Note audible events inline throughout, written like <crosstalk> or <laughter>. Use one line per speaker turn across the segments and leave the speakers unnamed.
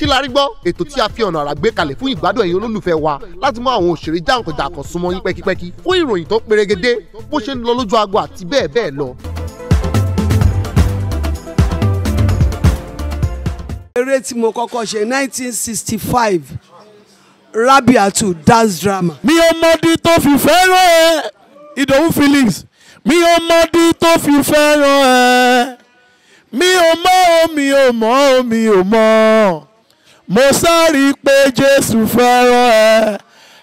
kí la rí gbọ́ ètò tí a fi ọ̀nà àrà gbé kalẹ̀ fún ìgbádùn ẹ̀yin olólùfẹ́ wa láti mú àwọn òṣèré jàǹkànjàǹkàn súnmọ́ yín pẹ́kípẹ́kí fún ìròyìn tó perégedé bó ṣe ń lọ lójú agbo
àti bẹ́ẹ̀ bẹ́ẹ̀ lọ. eré tí mo kọ́kọ́ ṣe nineteen sixty five Rabiatu dance drama. mi ò di tó fi fẹ́ràn ẹ Ìdòwú Phillips mi
ò di tó fi fẹ́ràn ẹ mi ò mọ̀ mi ò mọ̀ mi ò mọ̀ mo sáré pé jésù fẹ́ràn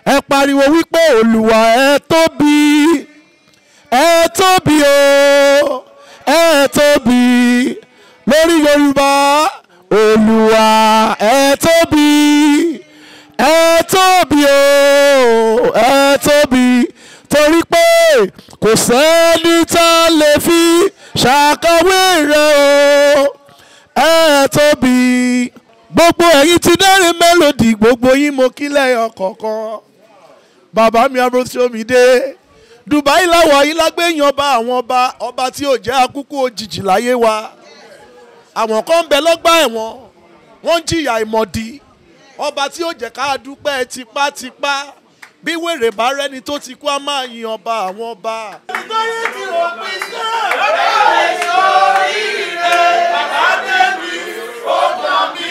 ẹ ẹ pariwo wípé olúwa ẹ tóbi ẹ tóbi o ẹ tóbi lórí yorùbá olúwa ẹ tóbi ẹ tóbi o ẹ tóbi torí pé kò sẹ́ni tá a lè fi ṣàkọwé rẹ̀ o ẹ tóbi gbogbo ẹ̀yin ti dẹ́rìn mélòdì gbogbo yín mo kí lẹ́yọ̀ kọ̀ọ̀kan
bàbá mi Abosomide Dubai láwọ̀ yìí lágbẹ̀yìn ọba àwọn ọba ọba tí ò jẹ́ akúkú òjijì láyé wa àwọn kan ń bẹ lọ́gbà ẹ̀wọ̀n wọ́n ń jìyà ìmọ̀dí ọba tí ò jẹ́ ká dúpẹ́ tipátipá bí wèrè bá rẹ́ni tó ti kú á máa yin ọba àwọn ọba.
nítorí tí o bàbá tẹ̀mí ó kàn mí.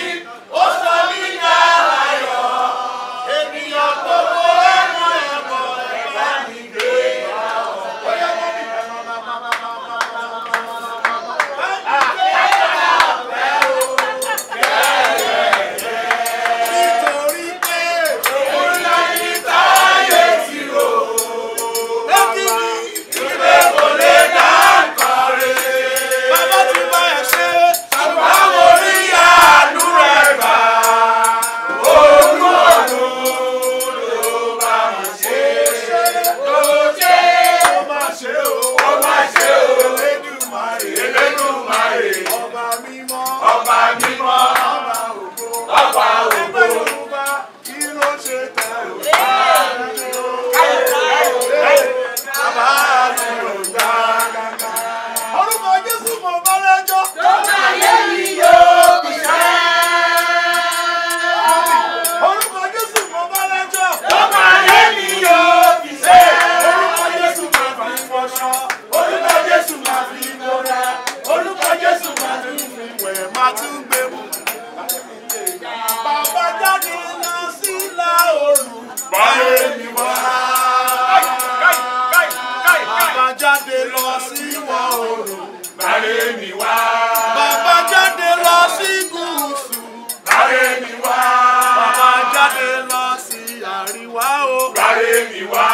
sáré mi wá.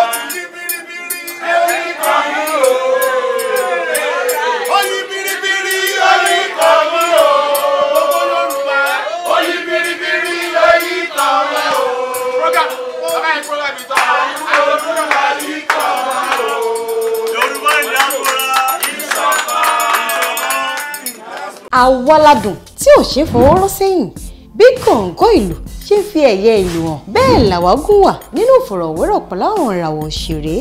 ó ti di biribiri. èmi o. ó yí biribiri. èmi kan ní o. gbogbo Yorùbá. ó yí biribiri. èyí o. program bàbá yẹn program yìí tán. àwọn o.
Yorùbá ní àkúrà. ìṣọ̀kan. àwa ládùn tí ò ṣe fọwọ́rọ́ sẹ́yìn bí gòǹgò ìlú ṣe fi ẹ̀yẹ ìlú hàn bẹ́ẹ̀
làwágùn wà nínú ìfọ̀rọ̀wérọ̀ pẹ̀lú àwọn ìràwọ̀ òṣèré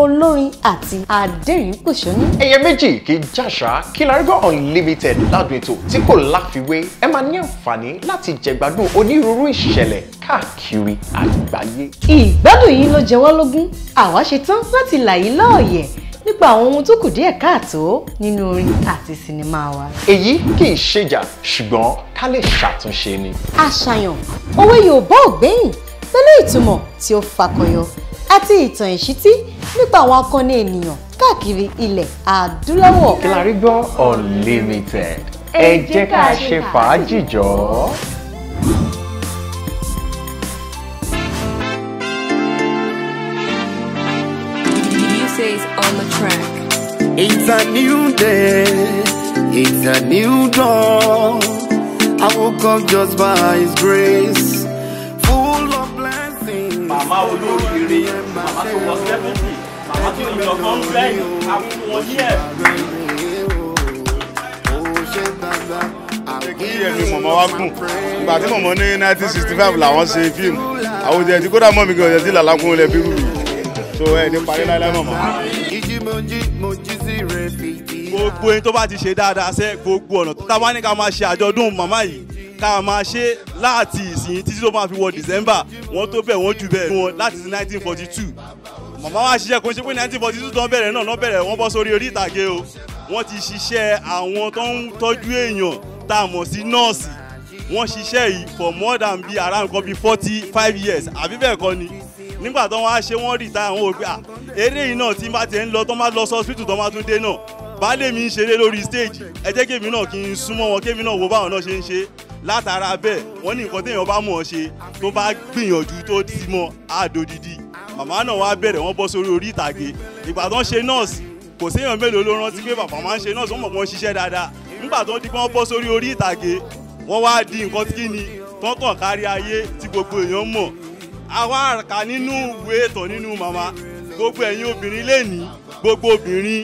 olórin àti
adẹ́rìnpòṣónú. ẹyẹ méjì kì í jàṣà Kilarigbo Unlimited ládùn ètò tí kò láfiwé ẹ máa ní àǹfààní láti jẹgbádùn onírúurú ìṣẹ̀lẹ̀ káàkiri àgbáyé.
ìgbádùn yìí ló jẹ wá lógún àwa ṣetán láti là lọ́ọ̀yẹ̀ nípa àwọn ohun tó kù díẹ̀ káàtó nínú orin àti sinimá wa.
èyí kì í ṣèjà ṣùgbọ́n ká lè ṣàtúnṣe ni.
àṣàyàn òwe Yorùbá ò gbẹ̀yìn pẹ̀lú ìtumọ̀ tí ó fakọyọ àti ìtàn ìṣítí nípa àwọn akọni ènìyàn
káàkiri ilẹ̀ adúláwọ̀. kí la rí gbọ́ unlimited ẹ jẹ́ ká ṣe
fàájì jọ.
It's a new day, it's a new dawn. I woke up just by His grace, full of blessings. Màmá olóríire, màmá tó wọ sẹ́fẹ̀tì, màmá tó lọ kán lẹ́yìn,
àkùnwọ̀n yí ẹ̀. kí ẹ̀mí mọ̀mọ́ wa gùn ìgbà tí mọ̀mọ́ ní 1965 làwọn ṣe fíìmù àwùjọ ẹ̀dí kódà mọ́ mi gan ọ̀jẹ̀ sí làlákùn ilẹ̀ bírú so ẹ̀ ní parí láíláí mọ̀mọ́. ìjì mo jí
mo gbogbo ẹni tó bá ti ṣe dáadáa sẹ́ gbogbo ọ̀nà tó tá a ní ká máa ṣe àjọ̀dún màmá yìí ká máa ṣe láti ìsìn títí tó máa fi wọ December wọ́n tó bẹ̀ wọ́n jù bẹ́ẹ̀ wọn láti ti 1942 màmá wa ṣiṣẹ́ kò ń ṣe pé 1942 tó ń bẹ̀rẹ̀ náà náà bẹ̀rẹ̀ wọ́n bọ́ sórí orí ìtàgé o wọ́n ti ṣiṣẹ́ àwọn tó ń tọ́jú èèyàn tá a mọ̀ sí nọ́ọ̀sì wọ́n ṣiṣẹ́ yìí for more than bíi around nǹkan bíi forty five years àbí bẹ́ẹ̀ kọ́ ni nígbà tó wọ́n á ṣe wọ́n rìtáyà wọ́n wò pé ah, eré yìí náà tí n bá tiẹ̀ ń lọ tó máa lọ sọ́sìpìtì tó máa tún dé náà baálé mi ń ṣeré lórí stage ẹ jẹ́ kémi náà kí n súnmọ́ wọn kémi náà wo báwọn náà ṣe ń ṣe látara bẹ́ẹ̀ wọ́n ní nǹkan téèyàn bá mọ̀ ọ́ ṣe tó bá gbìyànjú tó ti mọ́ àdòdìdì màmá náà wá bẹ̀rẹ̀ wọ́n bọ́ sórí orí ìtàgé ìgbà tó ń ṣe nọ́ọ̀sì kò séèyàn mélòó ló rántí pé bàbá máa ń ṣe nọ́ọ̀sì wọ́n mọ̀ wọ́n ṣiṣẹ́ dáadáa nígbà tó di pé wọ́n bọ́ sórí orí ìtàgé wọ́n wá di nǹkan tí kí ni tó kàn kárí ayé tí gbogbo èèyàn mọ̀ àwa àkà nínú ìwé ìtàn nínú màmá gbogbo ẹ̀yin obìnrin lẹ́ni gbogbo obìnrin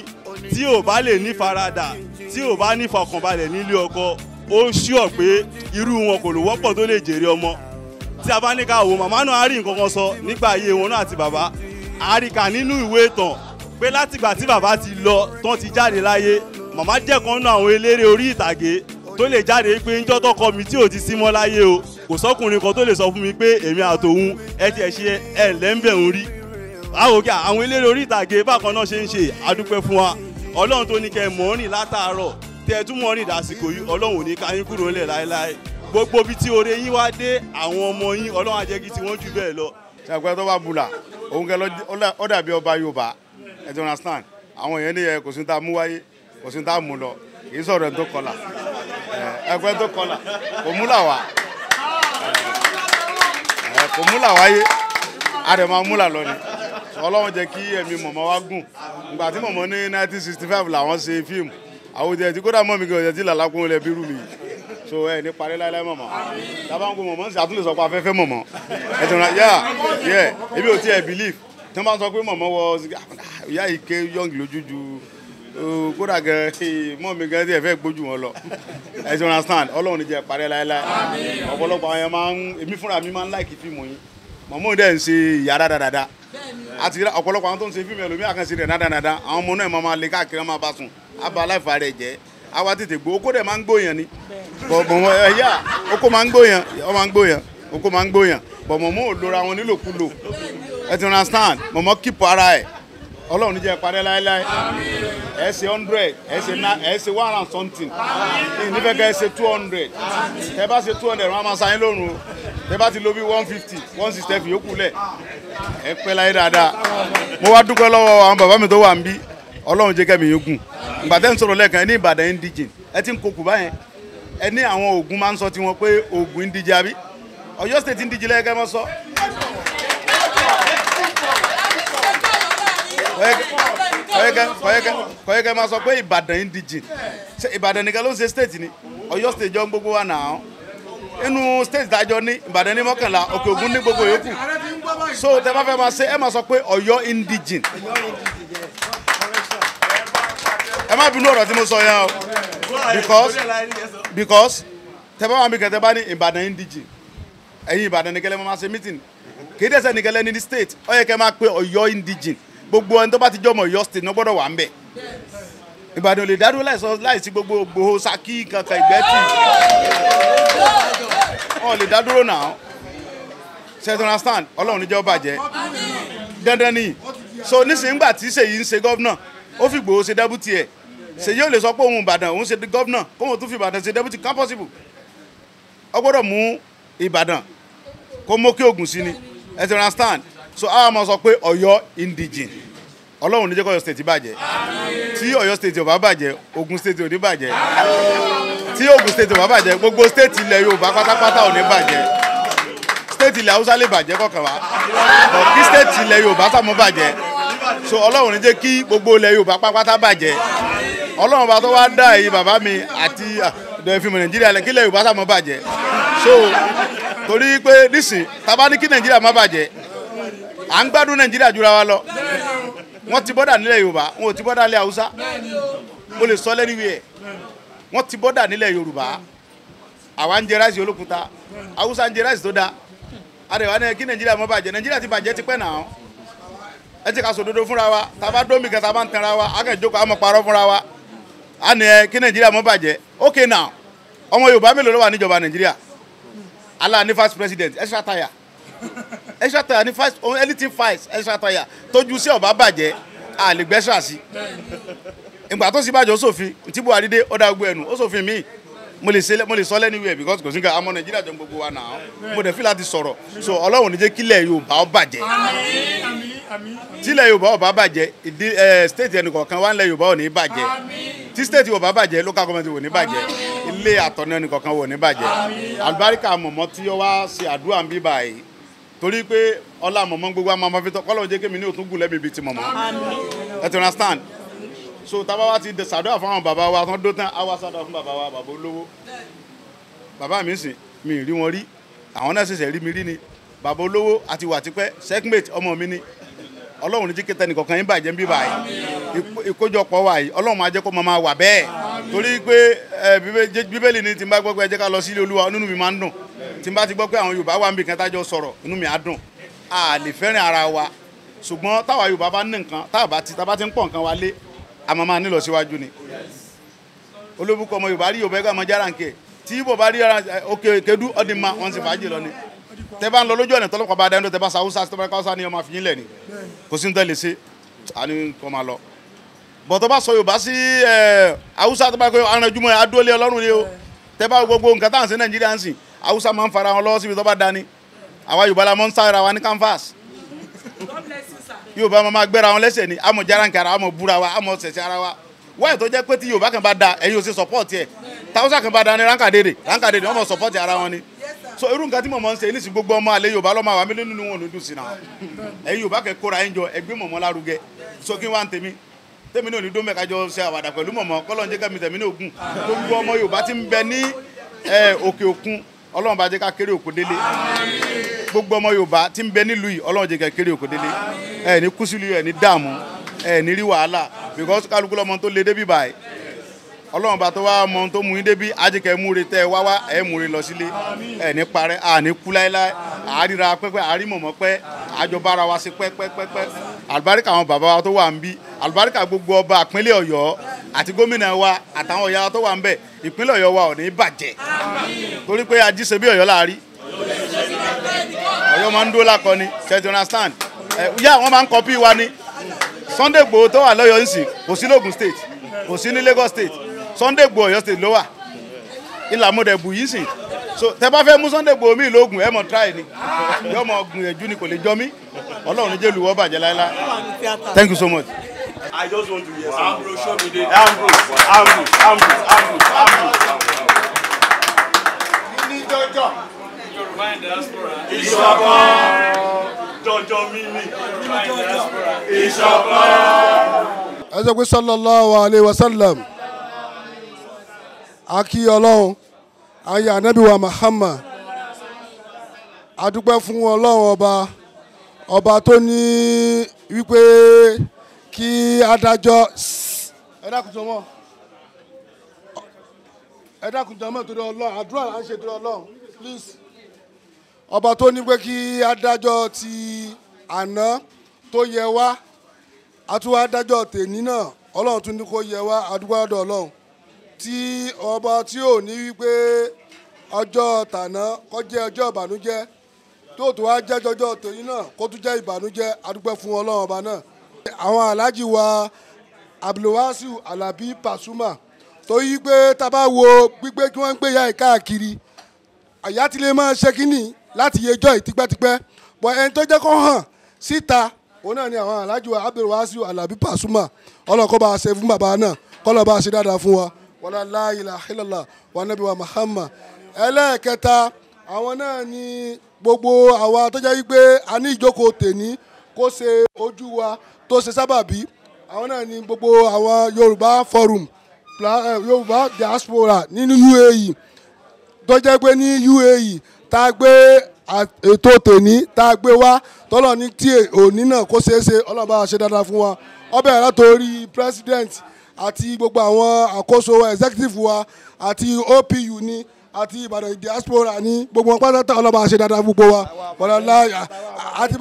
tí ò bá lè ní faradà tí ò bá ní fọkànbalẹ̀ nílé ọkọ ó ṣíọ̀ pé irú wọn kò lè wọ́pọ̀ tó lè jèrè ọmọ tí a bá ní ká wò màmá náà á rí nǹkan kan sọ nípa ayé wọn náà àti bàbá á rí kà nínú ìwé ìtàn pé látìgbà tí bàbá ti lọ tán ti jáde láyé màmá jẹ́ kan nínú àwọn eléré orí ìtàgé tó lè jáde pé ń jọ́tọ̀ kọ mi tí ò ti sí mọ́ láyé o kò sọ́kùnrin kan tó lè sọ fún mi pé èmi àtòun ẹ tiẹ̀ ṣe ẹ̀ lẹ́ńbẹ̀ rí àwòkẹ́ àwọn eléré orí ìtàgé bákan náà ṣe ń ṣe àdúpẹ́ fún wa ọlọ́run tó ní kẹ́ mọ́ rìn látàárọ̀ tẹ́ ẹ tún mọ́ rìn dàsìkò yìí ọlọ́run ò ní ká yín
kúrò ńlẹ̀ láéláé gbogbo ibi tí oore yín wá dé àwọn ọmọ yín ọlọ́run àjẹkí tí wọ́n jù bẹ́ẹ̀ lọ. ṣàgbẹ́ tó bá bula òun kẹ ọ dàbí ọba Yorùbá ẹ ti understand àwọn èèyàn ní kò sí ta mú wáyé kò sí ta mú lọ kì í sọ̀rọ̀ tó kọlà ẹgbẹ́ tó kọlà kò múlà wá kò múlà wáyé a dẹ̀ máa múlà lọ ni ọlọ́run jẹ́ kí ẹ̀mí mọ̀mọ́ wa gùn ìgbà tí mọ̀mọ́ ní nineteen sixty five làwọn ṣe fíìmù àwòjẹ tí kódà mọ̀ mi kì í ọ̀jẹ̀ tí làlákùn lẹ̀ bírù mi so ẹ ní parí láíláí mọ̀mọ́ dábàá ń kó mọ̀mọ́ sí àtúnlẹ̀ sọ pé afẹ́fẹ́ mọ̀mọ́ ẹ ti ràn yá
yẹ ebi ò
tiẹ̀ believe tí wọ́n bá sọ pé mọ̀mọ́ wọ ìyá ike young lójúju kódà gan mọ̀ mi gan tí ẹ fẹ́ gbójú wọn lọ ẹ ti ràn stand ọlọ́run ní jẹ́ parí láíláí ọ̀pọ̀lọpọ̀ àwọn yẹn máa ń èmi fúnra mi máa ń láìkì fíìmù yín mọ̀mọ́ dẹ̀ ń ṣe ìyá dáadáa àti ọ̀pọ̀lọpọ̀ àwọn tó ń ṣe fíìmù ẹlòmíì àkànṣe rẹ̀ dáadáa àwọn ọmọ náà máa lè káàkiri máa bá sùn àbá aláìfà rẹ̀ jẹ́ àwa tètè gbó oko dẹ̀ máa ń gbóyàn ni bọ̀mọ̀ ẹ̀yà oko máa ń gbóyàn ọ máa ń gbóyàn oko máa ń gbóyàn bọ̀mọ̀ mò ń lora wọn nílòkulò ẹ ti understand mọ̀mọ́ kíp ara ẹ̀ ọlọ́run níjẹ́ parẹ́ láéláé ẹ ṣe hundred ẹ ṣe na ẹ one and something nífẹ̀ẹ́ kẹ́ ẹ two hundred tẹ bá ṣe two hundred wọn a máa sáyé lóru o tẹ bá ti lo bí one fifty one sixty fi yókù lẹ̀ ẹ pẹ́ láyé dáadáa mo wá dúpẹ́ lọ́wọ́ àwọn bàbá mi tó wà ń bí ọlọ́run jẹ́ kẹ́mi yókù ìgbàdẹ́ ń sọ̀rọ̀ lẹ́ẹ̀kan ẹ ní ìbàdàn ń díje ẹ ti ń kokù báyẹn ẹ ní àwọn oògùn máa ń sọ tiwọn pé oògùn ń díje àbí Ọ̀yọ́ state ń díje lẹ́ẹ̀kẹ́ mọ́ sọ. kọ̀yẹ́kẹ́ máa sọ ma ìbàdàn indigene ibadan ìbàdàn nìkan ló ni ọ̀yọ́ state jọ gbogbo wa náà inu state dájọ ní ìbàdàn ní mọ́kànlá ni gbogbo yòókù so tẹ bá fẹ́ ma sọ pé ọ̀yọ́ indigene ẹ mo sọ yẹn o because because tẹ bá wà mí kẹtẹ bá ní ìbàdàn indigene ẹ̀yin ìbàdàn nìkẹ́lẹ́ mo se meeting kì í gbogbo ẹni tó bá ti jọmọ Ọ̀yọ́ state náà gbọ́dọ̀ wà ń bẹ̀ Ìbàdàn lè dádúró láìsọ láìsí gbogbo Ìgbòho Ṣakí kankan Ìgbẹ́tì wọn lè dádúró náà ṣètò understand Ọlọ́run níjọ́ bàjẹ́ dandan ni so nísìnyí tí Ṣèyí ń ṣe gọ́vnà ó fi Ìgbòho ṣe dẹ́bùtì ẹ̀ Ṣèyí ò lè sọ pé òun Ìbàdàn òun ṣe gọ́vnà kóun tún fi Ìbàdàn ṣe dẹ́bùtì kan possible ó gbọ́dọ̀ mú Ìbàdàn kó mókè Ògùn sí ni ẹ ti understand so a máa sọ pé ọ̀yọ́ indigene ọlọ́run ní jẹ́ kọ́yọ̀ state bàjẹ́ tí ọ̀yọ́ state ò bá bàjẹ́ ogun state ò ní bàjẹ́ tí ogun state ò bá bàjẹ́ gbogbo state ilẹ̀ yorùbá pátápátá ò ní bàjẹ́ state ilẹ̀ haúsá lè bàjẹ́ kọ̀ọ̀kan wá but kí state ilẹ̀ yorùbá sàmú bàjẹ́ so ọlọ́run ní jẹ́ kí gbogbo ilẹ̀ yorùbá pátápátá bàjẹ́ ọlọ́run bá tó wá dá èyí bàbá mi àti ìdọ̀ẹ̀fìmọ̀ nàìjíríà lẹ́kí ilẹ̀ yorùbá sàmú bàjẹ́ so torí pé nísìn tá bá ní kí nàìjíríà má bàjẹ́ à ń gbádùn nàìjíríà jura wa lọ wọ́n ti bọ́dà nílẹ̀ yorùbá wọn ò ti bọ́dà nílẹ̀ haúsá o lè sọ lẹ́nu wíyẹ wọ́n ti bọ́dà nílẹ̀ yorùbá àwa ń jẹ ráìsì olókùúta haúsá ń jẹ ráìsì tó da àdèwà náà kí nàìjíríà mọ́ bàjẹ́ nàìjíríà ti bàjẹ́ ti pẹ́ náà ẹ ti ka sòdodo fúnra wa tàbá dómi kan tàbá ń tanra wa a kàn jókòó àmọ́ parọ́ fúnra wa a ní ẹ kí nàìjíríà mọ́ bàjẹ́ ok now ọmọ yorùbá mélòó ló wà níjọba nàìjíríà Allah ní first president ẹ ṣàtàyà extra tire ni fast on anything fast extra tire tójú sí ọ̀bá bàjẹ́ a lè gbẹ́sà sí ìgbà tó sì bàjẹ́ ó sòfin tí Buhari dé ó dá gbogbo ẹnu ó sòfin míì mo lè ṣe mo lè sọ lẹ́nu ìwé because kò sí nǹkan àmọ́ Nàìjíríà jọ gbogbo wa nà án mo dẹ̀ fi láti sọ̀rọ̀ so Ọlọ́run ní jẹ́ kílẹ̀ Yorùbá ó bàjẹ́ tílẹ̀ Yorùbá ó bá bàjẹ́ ìdí ẹ̀ state ẹnìkọ̀ọ̀kan wà nílẹ̀ Yorùbá ò ní bàjẹ́ tí state Yorùbá bàjẹ́ local government wò ní bàjẹ́ ilé àtọ̀nà ẹnìkọ̀ọ̀kan wò ní bàjẹ́ àlùbáríkà mọ̀mọ́ tí ó wá ṣe àdúrà ń bíbà yìí torí pé ọlá mọ̀mọ́ gbogbo àmọ́ ọmọ fi tọ́ kọ́lọ́ jẹ́ kémi ní òtún gùn lẹ́mìí bíi ti mọ̀mọ́ ẹ ti understand so tábà wá ti ṣàdúrà fún àwọn bàbá wa tán dó tán á wá ṣàdúrà fún bàbá wa bàbá olówó bàbá mi sìn mi rí wọn rí àwọn náà ṣẹ̀ṣẹ̀ rí mi rí ni bàbá olówó àti wà tipẹ́ segmate ọmọ mi ni ọlọ́run ní jíkẹ́tẹ́ nìkọ̀kan yín bàjẹ́ ń bí báyìí ìkójọpọ̀ wà yìí ọlọ́run máa jẹ́ kó máa wà bẹ́ẹ̀ torí pé bíbélì ni tí n bá gbọ́ pé ẹ jẹ́ ká lọ sílé olúwa onínú mi máa ń dùn tí n bá ti gbọ́ pé àwọn yorùbá wà níbi kan tájọ sọ̀rọ̀ inú mi á dùn a lè fẹ́ràn ara wa ṣùgbọ́n táwa yorùbá bá ní nǹkan táwa ti tábà ti ń pọ̀ nǹkan wa lé àmọ́ máa nílọ síwájú ni olóbùkọ ọmọ yorùbá rí yorùbá ẹgbẹ́ ọmọ jára nkè tí ibo rí ara òkè kedu ọdín ma wọn sì fàájì lọ ni tẹ bá ń lọ lójú ọ̀nà tọ́lọ́pàá bá dáńdó tẹ bá sàwúsà tẹ bá káwúsà ni ọmọ àfihàn lẹ̀ ni kò sí ní tẹ́lẹ̀ sí àní kò máa lọ bọ̀tọ̀ bá sọ yorùbá sí ẹ̀ haúsá tó bá kọ́ aranjúmọ́ adúlé ọlọ́run ni o tẹ bá gbogbo nǹkan tá à nàìjíríà ń sìn haúsá man fara wọn lọ́wọ́ síbi tó bá dání àwa yorùbá la máa ń sára wa ní canvas yorùbá máa gbéra wọn lẹ́sẹ̀ ni àmọ̀ jarankara àmọ̀ búra wa àmọ̀ sẹ̀sẹ̀ ara wa wáyé tó jẹ́ pé tí yorùbá kan bá da ẹ̀yin ò sí sọ́pọ́ọ̀tì ẹ̀ táwùsá kan bá da ni ránkàdédè ránkàdédè wọ́n mọ̀ sọ́pọ́ọ̀tì ara wọn ni so irú nǹkan tí mọ̀mọ́ ń ṣe ní ìsìn gbogbo ọmọ àlẹ́ yorùbá lọ́mọ àwọn mílíọ̀nù ni wọn ò ní dùn sí náà ẹ̀yin yorùbá kẹ́ kóra ẹ̀yin jọ ẹgbẹ́ mọ̀mọ́ lárugẹ so kí wá ń tèmi tèmi náà ní dómẹ kájọ ṣe àwàdà pẹ̀lú mọ̀mọ́ kọ́lọ́njẹ́ kẹ́mi tèmi ní ògùn gbogbo ọmọ yorùbá ti ń bẹ ní òkè òkun ọlọ́run bá jẹ́ ká kéré òkú délé gbogbo ọmọ yorùbá tí ń bẹ nílùú yìí ọlọ́run jẹ́ ká kéré òkú délé ẹ ní kùsùlù ẹ ní dààmú ẹ ní rí wàhálà because kálukú lọ́mọ tó lé débì báyìí ọlọ́run bá tó wá ọmọ tó mú yín débì ajẹ́kẹ́ múre tẹ́ wá wá ẹ múre lọ sílé ẹ ní parẹ́ à ní kú láéláé àríra pẹ́pẹ́ àrímọ̀mọ́ pẹ́ àjọbára wa sí pẹ́pẹ́pẹ́pẹ́ àlùbáríkà àwọn bàbá wa tó wà ń bí àlùbáríkà gbogbo ọba ìpínlẹ̀ ọ̀yọ́ àti gómìnà wa àtàwọn ọ̀yà tó wà ń bẹ̀ ìpínlẹ̀ ọ̀yọ́ wa ò ní bàjẹ́ torí pé ajíṣe bí ọ̀yọ́ láàrí ọ̀yọ́ máa ń dúró lákọni ṣẹ́tì understand yá wọ́n máa ń kọ́pì wa ni Sunday Igboho tó wà lọ́yọ́ nsì kò sí lógun state kò sí ní Lagos state Sunday Igboho Ọ̀yọ́ state ló wà ìlà bù yìí sìn so tẹ bá fẹ́ mú Sunday Igboho mi lóògùn ẹ mọ̀ try ni yọ mọ̀ gbìyànjú ni kò lè jọ mí ọlọ́run jẹ́ olùwọ́ bàjẹ́ láíláí thank you so much.
I just want to hear something. Ambrose, show me the Ambrose, Ambrose, Ambrose, Ambrose, Ambrose
jọjọ. Yorùbá in diaspora.
Ìṣọ̀kan. Jọjọ mi ni.
Ìṣọ̀kan. Ẹ jẹ́ pé sallallahu alayhi wa sallam. A kí Ọlọ́run. Ayé ànábì wa Muhammad. A dúpẹ́ fún Ọlọ́run ọba. Ọba tó ní wípé kí adájọ́. Ẹ dákun tó mọ̀ ẹ dákun jọmọ torí Ọlọ́run àdúrà là ń ṣe torí Ọlọ́run please ọba tó ní pé kí adájọ́ ti àná tó yẹ wá àtúwá adájọ́ tèmi náà Ọlọ́run tún ní kó yẹ wá àdúgbò ọ̀dọ̀ Ọlọ́run tí ọba tí ò ní wípé ọjọ́ tàná kó jẹ́ ọjọ́ ìbànújẹ́ tó tó wá jẹ́ jọjọ́ tèmi náà kó tún jẹ́ ìbànújẹ́ àdúgbò fún Ọlọ́run ọba náà. àwọn aláàjì wa Abdulwasiu Alabi Pasuma. torí pé tá bá wo gbígbé kí wọ́n ń gbé ya yìí káàkiri àyà ti lè máa ṣe kínní láti yejọ́ yìí tipẹ́tipẹ́ bọ̀ ẹni tó jẹ́ kó hàn síta òun náà ni àwọn alájò alabi pasuma ọlọ́kọ́ ṣe fún bàbá náà a ṣe dáadáa fún wa wala la ilaha illallah wa wa muhammad ẹlẹ́ẹ̀kẹta ni gbogbo àwa tó jẹ́ wípé a ní ìjókòó kó ṣe ojú wa tó ṣe gbogbo àwọn yorùbá forum Eh, yorùbá diaspora nínú UAE tó jẹ́ pé ní UAE tá a gbé ètò tòní tá a gbé wá tọ́lọ̀ ní tí òní náà kó ṣeé ṣe ọlọ́ba ṣe dáadáa fún wa ọbẹ̀ rẹ̀ president àti gbogbo àwọn àkóso executive wa àti OPU ni àti ìbàdàn diaspora ní gbogbo wọn pátá ọlọ́ba àṣẹ dáadáa fún gbogbo wa wàlálà àti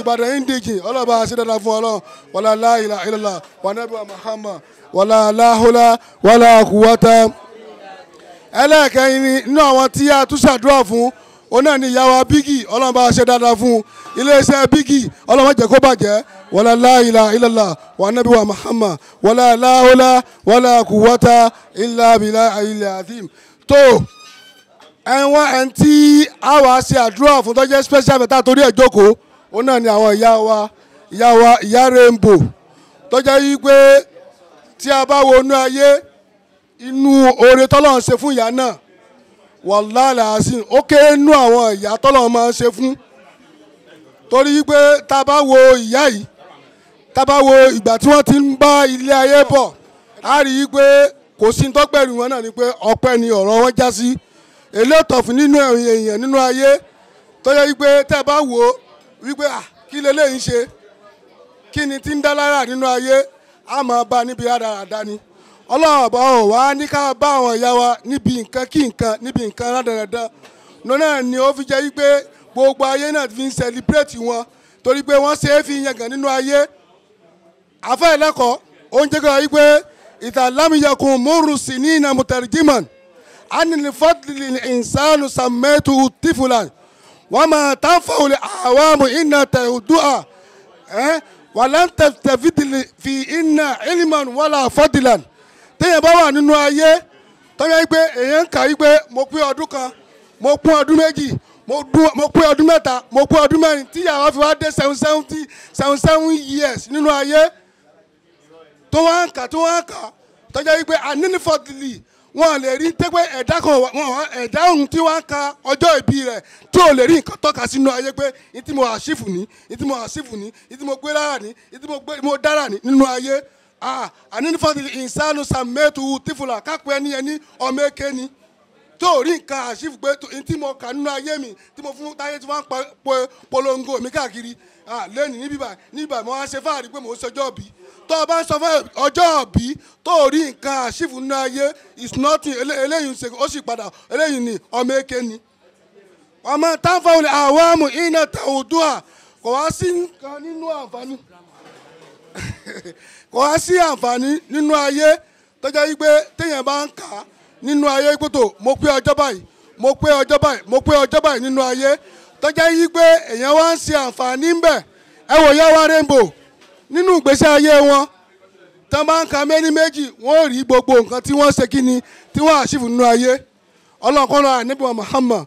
ìbàdàn indigi ọlọ́ba àṣẹ dáadáa fún ọlọ́ wàlálà ìlà ìlàlà wànábíwá Muhammad wàlálà hólà wàlá kúwátà. ẹlẹ́ẹ̀kẹ́yìn ni inú àwọn tí a tún ṣàdúrà fún òun náà ni ìyá wa bígì ọlọ́ba àṣẹ dáadáa fún iléeṣẹ́ bígì ọlọ́ba jẹ́ kó bàjẹ́ wala la ilaha illallah wa nabi wa muhammad wala la wala quwwata illa billahi al-azim tó ẹwọn ẹ̀ǹtí àwa ṣe àdúrà fún tọ́jú special beta torí ẹ̀ jókòó òun náà ni àwọn ìyá wa ìyá rainbow tọ́jú yìí pé tí a bá wo ayé inú oore tọ́lọ́run ṣe fún ìyá náà wàláhì àásìn ó kéré nú àwọn ìyá tọ́lọ́run máa ń ṣe fún torí pé tá a bá wo ìyá yìí tá a bá wo ìgbà tí wọ́n ti ń bá ilé ayé bọ̀ a rí i pé kò sí ni pé ọpẹ ni ọrọ wọn já elétọ̀fù nínú èèyàn nínú ayé tó yẹ wípé tẹ́ ẹ bá wò ó wípé à ah, kí leléyìí ṣe kí ni tí ń dá lára nínú ayé a máa bá níbi àdáradá ni ọlọ́run ọ̀bọ̀ ò wá ní ká bá àwọn ìyá wa níbi nǹkan kí nǹkan níbi nǹkan náà ni ó fi jẹ́ wípé gbogbo ayé náà fi ń sẹlibireti wọn torí pé wọ́n ṣe é fi yangàn nínú ayé afẹ́ ẹ̀lẹ́kọ̀ọ́ oúnjẹ kan wípé ìtàlámìyẹkùn mórùsì ní عن الفضل الإنسان سميته طفلا وما تنفع الأعوام إن تهدؤ أه؟ ولن تستفيد في إن علما ولا فضلا téèyàn bá wà nínú ayé tọ́jà yìí pé èèyàn ń kà yìí pé mo pé ọdún kan mo pé ọdún méjì mo pé ọdún mẹ́ta mo pé ọdún mẹ́rin tí yàrá fi wá dé seven seventy seven seven years nínú ayé tó wá ń kà tó wá ń kà tọ́jà yìí pé ànínífọ̀tìlì wọn lè rí tẹ́pẹ́ ẹ̀dá kan wọn ẹ̀dá ohun tí wọ́n ka ọjọ́ ìbí rẹ̀ tí ò lè rí nǹkan tọ́ka sínú ayé pé ní tí mo àṣìfù ní ní tí mo àṣìfù ní ní tí mo gbé lára ní ní tí mo dára ní nínú ayé ah, àní nífọ̀tì ìsánú sàmẹ́tù tìfúlà kápẹ́ ẹni ẹni ọmọ èké ni. tó rí nǹkan àṣìf pé tí mo kà nínú ayé mi tí mo fún táyé tí wọ́n ń polongo mi káàkiri lẹ́nu níbìbà níbìbà mo wá ṣe fáàrí pé mo ń sọjọ́ bí tó o bá ń sọ fún ọjọ́ bí tó rí nǹkan àṣìf nínú ayé is nothing eléyìí ṣe ó sì padà eléyìí ni ọmọ èké ni. ọmọ táfàwọlẹ̀ àwọ̀mù iná tàwùdúà kò wá sí nǹkan nínú àǹfààní <laughs> kò wá sí àǹfààní nínú ayé téèyàn bá ń kà á nínú ayé gbọ́dọ̀ mo pé ọjọ́ báyìí mo pé ọjọ́ báyìí mo pé ọjọ́ báyìí nínú ayé tọ́jà yí pé èèyàn àǹfààní ń bẹ̀ wò yá wa rainbow nínú ìgbésí ayé wọn tán bá ń ka méní méjì wọ́n rí gbogbo nǹkan tí wọ́n ṣe kíni tí wọ́n àṣìfù nínú ayé ọlọ́kọ́nà àníbọ̀ Muhammad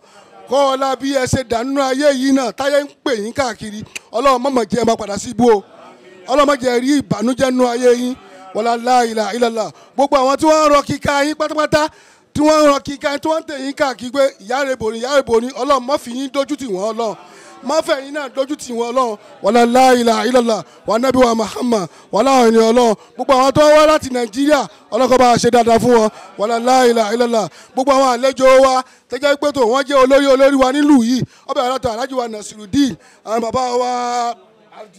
kọ́ bí ẹ ṣe dà nínú ayé yìí náà táyé ń pè yín káàkiri o wọlá láìlà ìlàlà gbogbo àwọn tí wọ́n ń rọ kika yín pátápátá tí wọ́n ń rọ kika yín tí wọ́n ń tẹ̀yìn káàkiri pé ìyá rẹ̀ bòní ìyá rẹ̀ bòní ọlọ́run má fi yín dójú tì wọ́n ọlọ́run mọ́fẹ́ yín náà dojú tì wọ́n ọlọ́run gbogbo àwọn tó wá láti Nàìjíríà ṣe dáadáa fún wọn wàlá gbogbo àwọn àlejò wa pé tó olórí wa nílùú yìí ọbẹ̀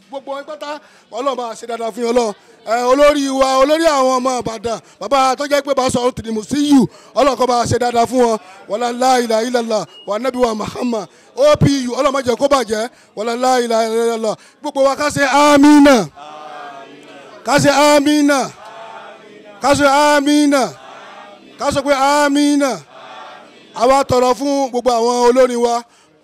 gbogbo wọn pátá ọlọ́run bá ṣe dáadáa fún yín ọlọ́run olórí wa olórí àwọn ọmọ ìbàdàn bàbá tó jẹ́ pé bá sọ ọ́ tìrìmù sí yù ọlọ́run kó bá ṣe dáadáa fún wọn wàlá láìlà ìlàlà wà nábì wa mahama opu ọlọ́run má jẹ́ kó bàjẹ́ wàlá láìlà ìlàlà gbogbo wa ká ṣe amínà ká ṣe amínà ká ṣe amínà ká sọ pé amínà àwa tọrọ fún gbogbo àwọn olórin wa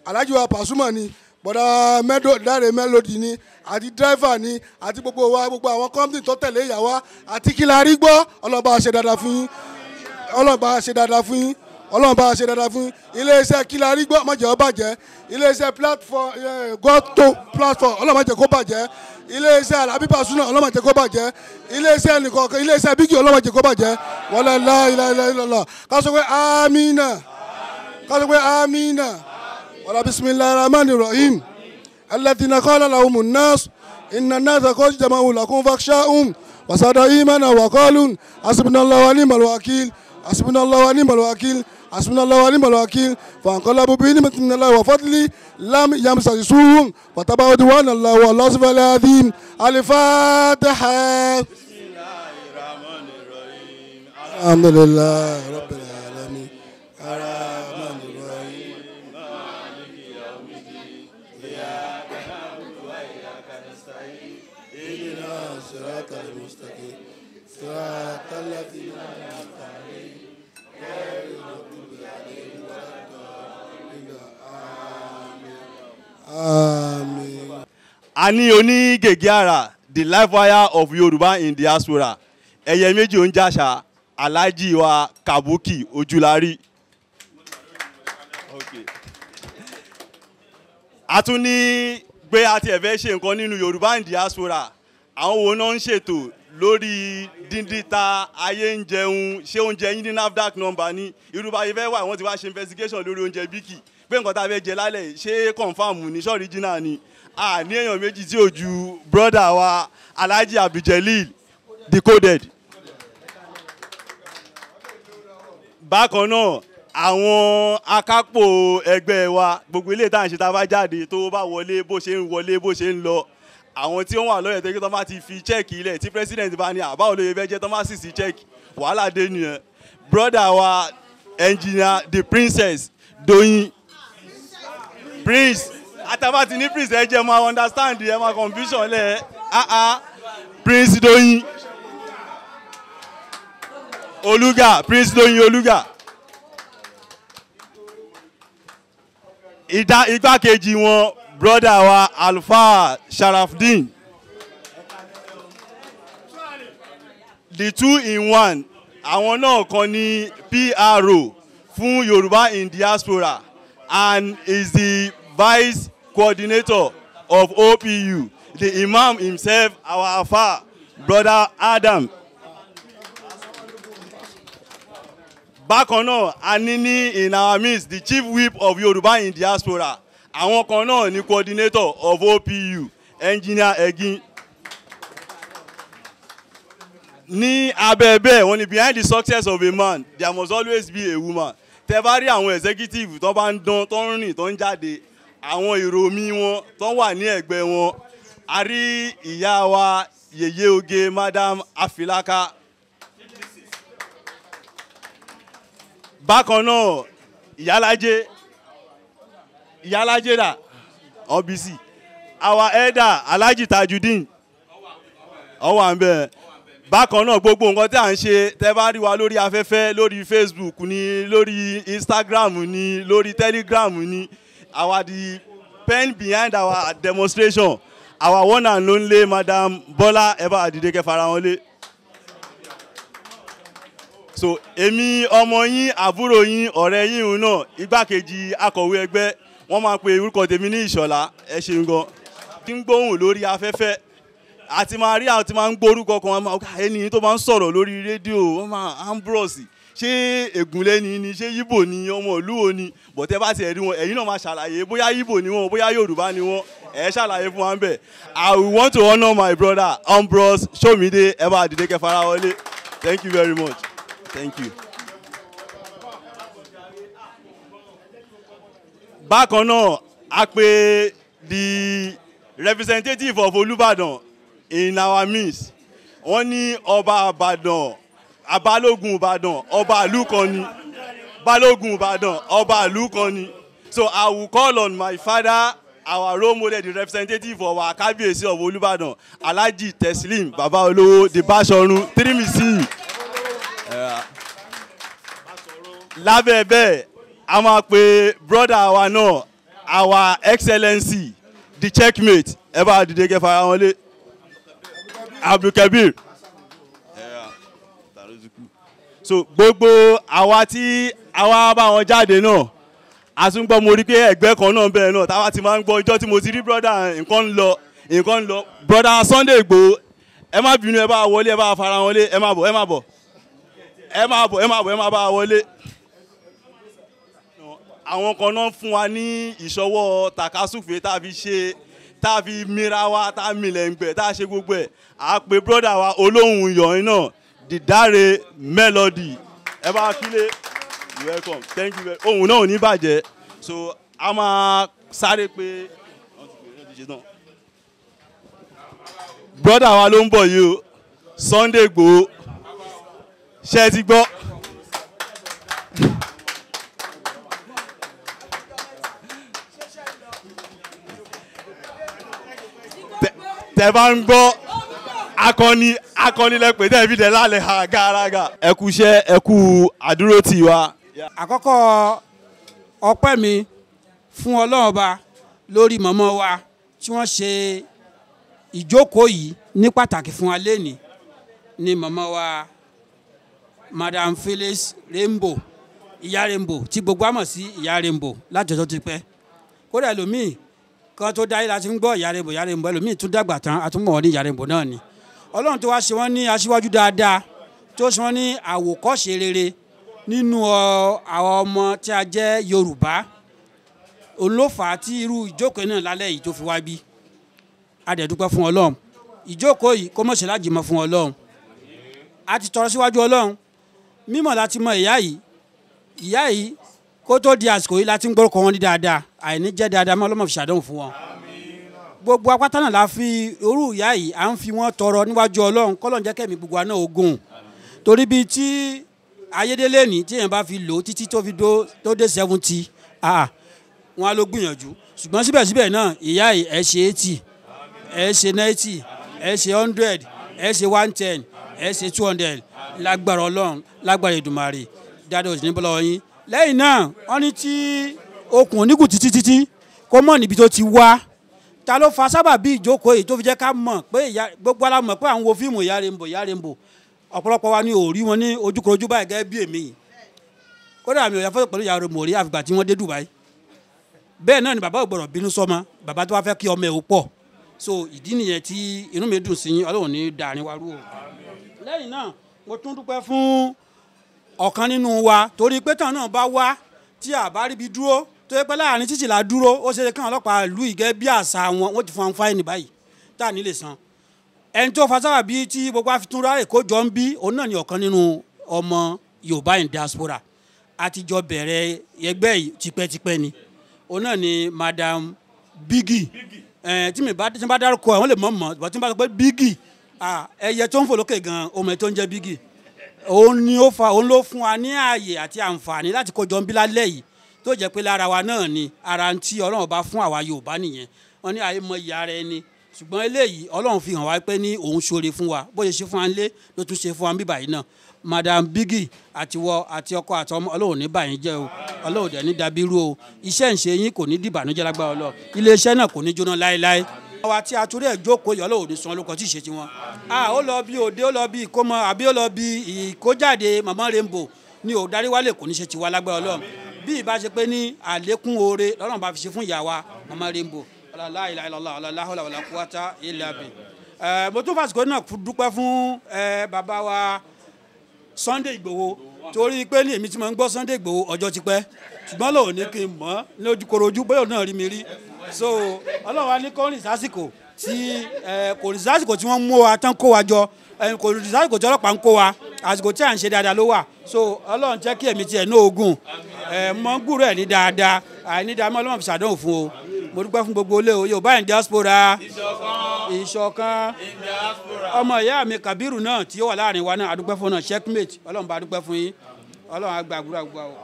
alhaji wa Pasuma ni. bọ̀dà mẹ́dọ̀ dáre mẹ́lòdì ni àti dírẹ́fà ni àti gbogbo wa gbogbo àwọn kọ́mpìnì tó tẹ̀lé ìyàwó àti kí la rí gbọ́ ọlọ́ba ṣe dáadáa fún yín ọlọ́ba ṣe dáadáa fún yín ọlọ́ba ṣe dáadáa fún yín iléeṣẹ́ kí la rí gbọ́ má jẹ́ iléeṣẹ́ platform gọ́tò platform ọlọ́ba jẹ́ kó bàjẹ́ iléeṣẹ́ Alabi Pasuna ọlọ́ba jẹ́ kó bàjẹ́ iléeṣẹ́ nìkọ̀ọ̀kan iléeṣẹ́ ọlọ́ba jẹ́ wala ولا بسم الله الرحمن الرحيم الذين قال لهم الناس إن الناس قد جمعوا لكم فاخشاهم وصار إيمانا وقالوا حسبنا الله ونعم الوكيل حسبنا الله ونعم الوكيل حسبنا الله ونعم الوكيل فانقلبوا بنعمة من الله وفضل لم يمسسوهم وتبعوا ديوان الله والله سبحانه العظيم الفاتحة بسم الله الرحمن الرحيم الحمد لله رب العالمين Àmín.
a ní onígègé àrà the live wire of Yorùbá in diaspora ẹ̀yẹ méjì ó ń jàṣà aláàjì wa Kabuki Ojúlárí. a tún ní pé a tiẹ̀ fẹ́ ṣe nǹkan nínú Yorùbá in diaspora àwọn wo náà ń ṣètò lórí díndínta ayé ń jẹun ṣé oúnjẹ yín ní NAFDAC number ní irú bá yẹ fẹ́ wà wọ́n ti wá ṣe investigation lórí oúnjẹ bíkì pé nǹkan tá a fẹ́ jẹ lálẹ́ ṣé confam ní sọ́ríjìnà ni a èèyàn méjì tí ò ju brọ́dà wa Alhaji Abijelil decoded. bákan náà àwọn akápò ẹgbẹ́ wa gbogbo ilé tá à ń ṣe tá a bá jáde tó bá wọlé bó ṣe ń wọlé bó ṣe ń lọ àwọn tí wọ́n wà lọ́yẹ̀ tó kí tọ́ bá ti fi chẹ́ẹ̀kì ilẹ̀ tí president bá ní àbá olóye fẹ́ jẹ́ tọ́ bá sì sí chẹ́ẹ̀kì wàhálà dé nìyẹn brother wa engineer the princess Doyin prince àtàbà ti ní prince ẹ jẹ́ máa understand ẹ máa confusion lẹ̀ ẹ́ prince Doyin Oluga, prince Doyin Olúga ìdá igbákejì wọn brother wa Alfa Sharafdin the two in one àwọn náà kan ní PRO fún Yorùbá in diaspora and is the vice coordinator of OPU. The Imam himself, our Afa, Brother Adam. Bákan náà, a in our midst the chief whip of Yoruba in diaspora. Àwọn kan náà ni coordinator of OPU, Engineer Egin. Ní abẹ́ bẹ́ẹ̀, wọ́n behind the success of a man, there must always be a woman tẹ bá rí àwọn executive tó bá ń dán tó ń rìn tó ń jáde àwọn èrò mi wọn tó wà ní ẹ̀gbẹ́ wọn a rí ìyá wa yèyé oge madam afilaka bákan náà ìyálájé ìyálájé dà ọbísì our elder alhaji tajudeen ọwà ń bẹ bákan náà gbogbo nǹkan tí à ń ṣe tẹ́ bá rí wa lórí afẹ́fẹ́ lórí facebook ni lórí instagram ni lórí telegram ni our the pen behind our demonstration our one and only madam Bola. ẹ bá dìde so èmi ọmọ yín àbúrò yín ọ̀rẹ́ yín òun náà igbákejì akọ̀wé ẹgbẹ́ wọ́n máa pe orúkọ tèmi ní Ìṣọ̀lá ẹ ṣeun gan. kí n gbóhùn lórí afẹ́fẹ́ àti máa rí àti máa ń gbórúkọ kan ah, ẹni tó máa ń sọ̀rọ̀ lórí rédíò wọ́n máa Ambrose ṣé ègúnlẹ́ni ni ṣé Ìgbò ni ọmọ ìlú wo ni bọ̀tẹ́ bá tiẹ̀ rí wọn ẹ̀yin náà máa ṣàlàyé bóyá Ìgbò ni wọn bóyá Yorùbá ni wọn ẹ̀ ṣàlàyé fún wa ń bẹ̀ I want to honour my brother Ambrose Ṣómídé ẹ bá dìde thank you very much thank you. bákan náà a pè the representative of Olúbàdàn in our midst wọ́n ní ọba Ìbàdàn abálógun Ìbàdàn ọba ìlú kan ni balógun Ìbàdàn ọba ìlú kan ni so I will call on my father our role model the representative of our kábíyèsí of Olúbàdàn Alhaji Teslim baba olówó the Basọ̀run tirimisi lábẹ́ bẹ́ẹ̀ a máa pe brother wa náà our excellency the checkmate ẹ bá dìde kẹfà wọn lé. Kabir, so gbogbo àwa tí àwa bá wọn jáde náà a tún gbọ́ mo rí pé ẹgbẹ́ kan náà bẹ̀rẹ̀ náà táwa ti máa ń gbọ́ ọjọ́ tí mo ti rí brọ́dà nǹkan ń lọ nǹkan ń lọ brọ́dà Sunday Igboho ẹ má bínú ẹ bá wọlé ẹ bá fara wọlé ẹ má bọ̀ ẹ má bọ̀ ẹ má bọ̀ ẹ má bọ̀ ẹ má bá wọlé àwọn kan náà fún wa ní ìṣọwọ́ takasúfèé tá a fi ṣe tá a fi mira wa tá a milẹ̀ ń tá a ṣe gbogbo ẹ̀ à pe brọ́dà wa olóhùn yọ̀ọ́yìn náà Dìdáre Melody ẹ bá kílé you welcome thank you ohun náà ò ní bàjẹ́ so a máa sáré pé brọ́dà wa ló ń bọ̀ yìí o Sunday Igboho ṣe ti gbọ́. tẹ bá ń gbọ́ akọni akọni lẹ́pẹ́ tẹ́ fi dẹ̀ lálẹ́ ha gàràgà. ẹ kú iṣẹ́ ẹ kú àdúró tì wá.
àkọ́kọ́ ọpẹ́ mi fún ọlọ́run ọba lórí mọ̀mọ́ wa tí wọ́n ṣe ìjókòó yìí ní pàtàkì fún wa lẹ́nìí ni mọ̀mọ́ wa madam Phyllis Rainbow ìyá Rainbow tí gbogbo àmọ̀ sí ìyá Rainbow lájọjọ́ ti pẹ́ kódà lómìn kan tó dáyé la ti ń gbọ́ Yarebo Yarebo ẹlòmíì tún dàgbà tán àtúmọ̀ ní Yarebo náà ni ọlọ́run tó wá ṣe wọ́n ní aṣíwájú dáadáa tó ṣe wọ́n ní àwòkọ́ṣe rere nínú àwọn ọmọ tí a jẹ́ Yorùbá olófà tí irú ìjókòó náà lálẹ́ yìí tó fi wá bí adẹ̀dúpẹ́ fún ọlọ́run ìjókòó yìí kó mọ̀ ṣe lájìmọ̀ fún ọlọ́run a ti tọrọ síwájú ọlọ́run mímọ̀ láti mọ ìyá yìí ìyá yìí kó tó di àsìkò yìí láti ń gbórúkọ wọn ní dáadáa àìní jẹ́ dáadáa mọ́ ọlọ́mọ fi ṣàdánwò fún wọn. gbogbo apáta náà la fi orú ìyá yìí à ń fi wọn tọrọ níwájú ọlọ́run kọ́lọ́n jẹ́ kẹ́mi gbogbo àná ogun torí bíi tí ayédélé ní tí èèyàn bá fi lò títí tó fi tó dé seventy wọn á ló gbìyànjú ṣùgbọ́n síbẹ̀síbẹ̀ náà ìyá yìí ẹ̀ ṣe eighty ẹ̀ ṣe ninety ẹ̀ ṣe hundred ẹ̀ ṣe one ten ẹ̀ ṣe two hundred lágbára ọlọ́run lágbára Èdùmàrè dáadáa òsì lẹ́yìn náà wọ́n ní tí okùn oníkù títí títí kó mọ̀ níbi tó ti wá ta ló fa sábàbí ìjókòó yìí tó fi jẹ́ ká mọ̀ pé gbogbo ara mọ̀ pé àwọn wo fíìmù Ìyá Rainbow Ìyá Rainbow ọ̀pọ̀lọpọ̀ wa ni ò rí wọn ní ojúkorojú báyìí gẹ́gẹ́ bí èmi kódà mi ò fọ́tò pẹ̀lú Ìyá rí àfìgbà tí wọ́n dé Dubai bẹ́ẹ̀ náà ni bàbá ò gbọ́dọ̀ bínú sọ́mọ bàbá tó wá fẹ́ kí ọmọ ẹ̀ ó pọ̀ so ìdí nìyẹn tí inú mi dùn sí yín Ọlọ́run ní dàrin wa rú o lẹ́yìn náà mo tún dúpẹ́ fún ọ̀kan nínú wa torí pé tàn náà bá wá tí a bá ríbi dúró tó yẹ pé láàrin títì la dúró ó ṣe kí àwọn ọlọ́pàá ìlú ìgẹ́ bí àṣà wọn wọ́n ti fọ́n fáìní báyìí tá à ní lè san ẹni tó fa sábà bíi tí gbogbo afitunra rẹ̀ jọ ń bí òun náà ni ọ̀kan nínú ọmọ Yorùbá in diaspora àtijọ́ bẹ̀rẹ̀ ẹgbẹ́ tipẹ́tipẹ́ ni òun náà ni Madam Bigi tí mi bá dárúkọ ẹ̀ wọ́n lè mọ̀ mọ̀ tí mi bá sọ pé Bigi ẹyẹ tó ń fò lókè gan-an ọmọ ẹ tó ń jẹ́ Bigi òun ni ó fa òun ló fún wa ní ààyè àti àǹfààní láti kójọ ń bí lálẹ́ yìí tó jẹ́ pé lára wa náà ni ara ń tí ọlọ́run bá fún àwa yorùbá nìyẹn wọn ní àyè mọ ìyá rẹ ni ṣùgbọ́n eléyìí ọlọ́run fi hàn wá pé ní òun ṣoore fún wa bó ṣe ṣe fún wa nílé ló tún ṣe fún wa bíbà yìí náà madam bigi àtiwọ àti ọkọ àtọmọ ọlọ́run ní báyìí jẹ́ o ọlọ́run dẹ̀ ní dabiru o iṣẹ́ ìṣe yín kò ní dìbànújẹ́ lágbára ọlọ́ iléeṣẹ́ náà kò ní jóná láéláé àwa tí a torí ẹ̀ jókòó yọ̀ọ́ lòdì sùn olùkọ́ tí ì ṣe ti wọn. ó lọ bí òde ó lọ bí ìkómọ àbí ó lọ bí ìkójáde màmá Rainbow ni ò darí wálé kò ní ṣe ti wa lágbára Ọlọ́run bí ìbá ṣe pé ní àlékún oore lọ́rùn bá fi ṣe fún ìyá wa màmá Rainbow la ilaha illallah la hawla wala quwwata illa billah. mo tún fàṣìkò náà dúpẹ́ fún bàbá wa Sunday Igboho torí pé ní èmi tí mo ń gbọ́ Sunday Igboho ọjọ́ ti pẹ́ ṣùgbọ́n lóò ní kí n mọ̀ ní ojúkorojú bóyá náà rí mi rí so ọlọ́run wa ní kó rìn sásìkò tí kò rìn sásìkò tí wọ́n mú wa tán kó wa jọ kò rìn sásìkò tí ọlọ́pàá ń kó wa àsìkò tí à ń ṣe dáadáa ló wà so ọlọ́run jẹ́ kí èmi tiẹ̀ ní oògùn mọ ń gbúrò ẹ̀ ní dáadáa àìní dáa mọ́ ọlọ́run fi ṣàdánwò fún o mo dúpẹ́ fún gbogbo olè o Yorùbá in diaspora ìṣọ̀kan ọmọ ìyá mi Kabiru náà tí ó wà láàrin wa náà a dúpẹ́ fún náà checkmate ọlọ́run bá a dúpẹ́ fún yín ọlọ́run á gbàgbúrà gbà o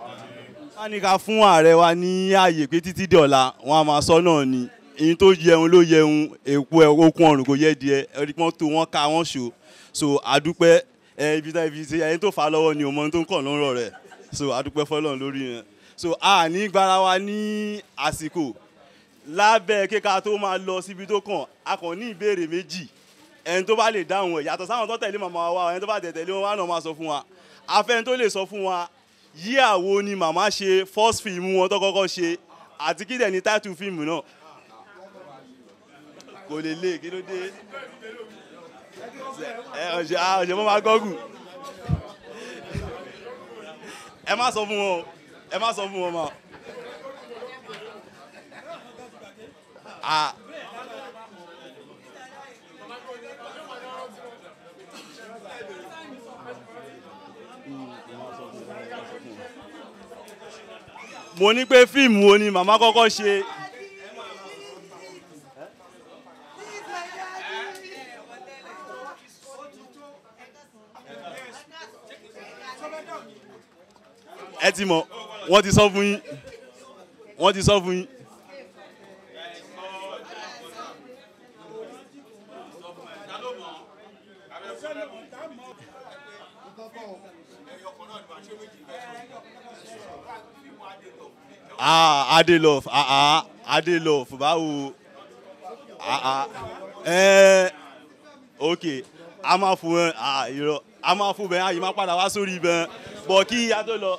ká ní ká fún ààrẹ wa
ní ààyè pé títí di ọ̀la wọn a máa sọ náà ni èyí tó yẹun ló yẹun èkó okun ọ̀run kò yẹ díẹ̀ ẹ̀rí pọ́n tó wọ́n ká wọ́n ṣò so àdúpẹ́ ẹ ibi tá ibi tí ẹni tó fà lọ́wọ́ ni òmọ́ tó ń kàn lọ́rọ̀ rẹ̀ so àdúpẹ́ fọlọ́run lórí yẹn so a ní gbára wa ní àsìkò lábẹ́ kíka tó máa lọ síbi tó kàn a kàn ní ìbéèrè méjì ẹni tó bá lè dáhùn ẹ̀ yàtọ̀ sáwọn tó tẹ̀lé màmá wa ẹni tó bá tẹ̀lé wọn wá náà máa sọ fún wa afẹ́ni tó lè sọ fún wa yíà wo ni màmá ṣe first film wọn tó kọ́kọ́ ṣe àti kí dẹ̀ ni title film náà kò lè lè kí ló dé ẹ ọ̀ṣẹ́ ọ̀ṣẹ́ mo máa gọ́gù ẹ má sọ fún wọn ẹ má sọ fún wọn mà. mo ní pé fíìmù wo ni màmá kọ́kọ́ ṣe. ẹ ti mọ̀ wọ́n ti sọ fún yín wọ́n ti sọ fún yín. Thank you ah Adelof, ah ah Adelove báwo ah ah ẹ̀ẹ́ eh, ok a máa fún ẹ ah irọ́ a máa fún bẹ́ẹ̀ àyè máa padà wá sórí ibẹ̀ bọ̀ kí a tó lọ.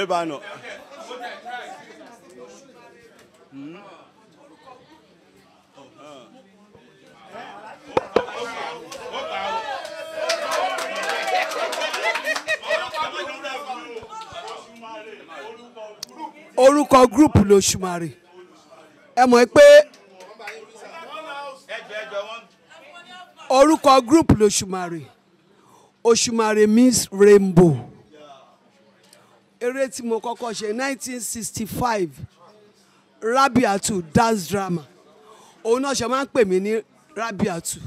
ebana. ó
hmm? orúkọ gúrùpù lòṣùmàrè ẹ mọ̀ pé orúkọ gúrùpù lòṣùmàrè òṣùmàrè means rainbow eré tí mo kọ́kọ́ ṣe nineteen sixty five rabiatu dance drama òun náà ṣe máa ń pè mí ní rabiatu.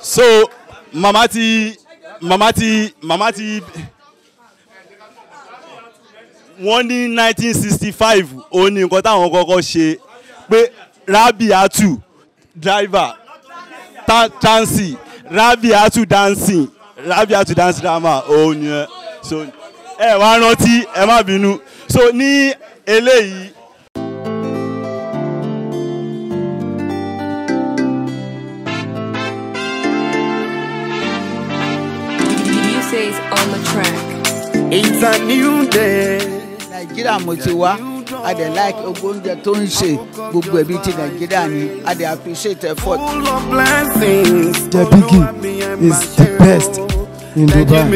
so màmá ti mama ti mama ti wọ́n ní nineteen sixty five ó ní nǹkan táwọn kọ́kọ́ ṣe pé rabi atu driver ta tansi rabi atu dancing rabi atu dance drama ó ní ẹ so ẹ wá rántí ẹ má bínú so ní eléyìí
It's a new day. Nàìjíríà mo ti wá. I dey like ogbó oúnjẹ tó ń ṣe gbogbo ẹbí ti Nàìjíríà ni I dey appreciate effort.
Jabiki is the best in Dubai.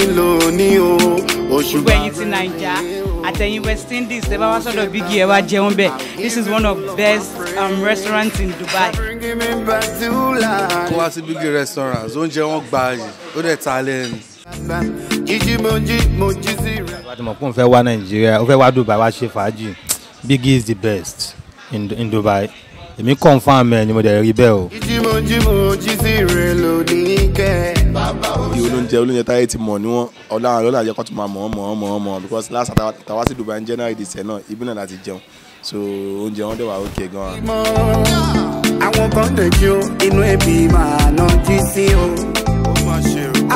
Gbogbo ẹ̀yin ti Naija àtẹ̀yìn West Indies tẹ́ bá wá sọ́dọ̀ Biggie ẹ̀ wá jẹun bẹ́ẹ̀ this is one of the best um, restaurants in Dubai. Kó
wá sí Biggie restaurant, oúnjẹ wọn gbààyè, ó dẹ̀ ta
lẹ́nu ìjì mo jí mo jí sí rẹ. wàá
ti mọ̀ pé òun fẹ́ wá nàìjíríà ó fẹ́ wá dubai wá ṣe fàájì Big e is the best in, in dubai èmi confam ẹ ni mo dẹ̀ rí bẹ́ẹ̀ o.
ìjì mo jí mo jí sí rẹ lónìí kẹ́.
bí olóúnjẹ olóúnjẹ táyé ti mọ̀ ní wọn ọ̀la àwọn ọ̀la àjẹkọ́ tó máa mọ̀ mọ̀ mọ̀ mọ̀ because last tàwa sí dubai in january this year náà ibi náà láti jẹun so oúnjẹ wọn dẹ̀ wà okay gan-an. àwọn
kan dẹ̀ jó inú ẹbí màá ná jí sí o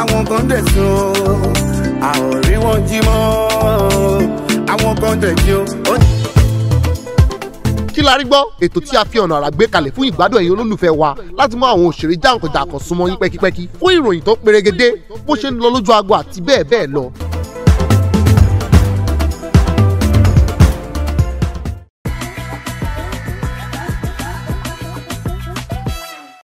àwọn kan dẹ̀ sùn o àwọn rí wọn jí mọ́ àwọn kan dẹ̀ jí o. kí la rí gbọ́ ètò tí a fi ọ̀nà àrà gbé kalẹ̀ fún ìgbádùn ẹ̀yin olólùfẹ́ wa láti mú àwọn òṣèré jàǹkànjàǹkàn súnmọ́ yín pẹ́kípẹ́kí fún ìròyìn tó perégedé bó ṣe ń lọ lójú agbo àti bẹ́ẹ̀ bẹ́ẹ̀ lọ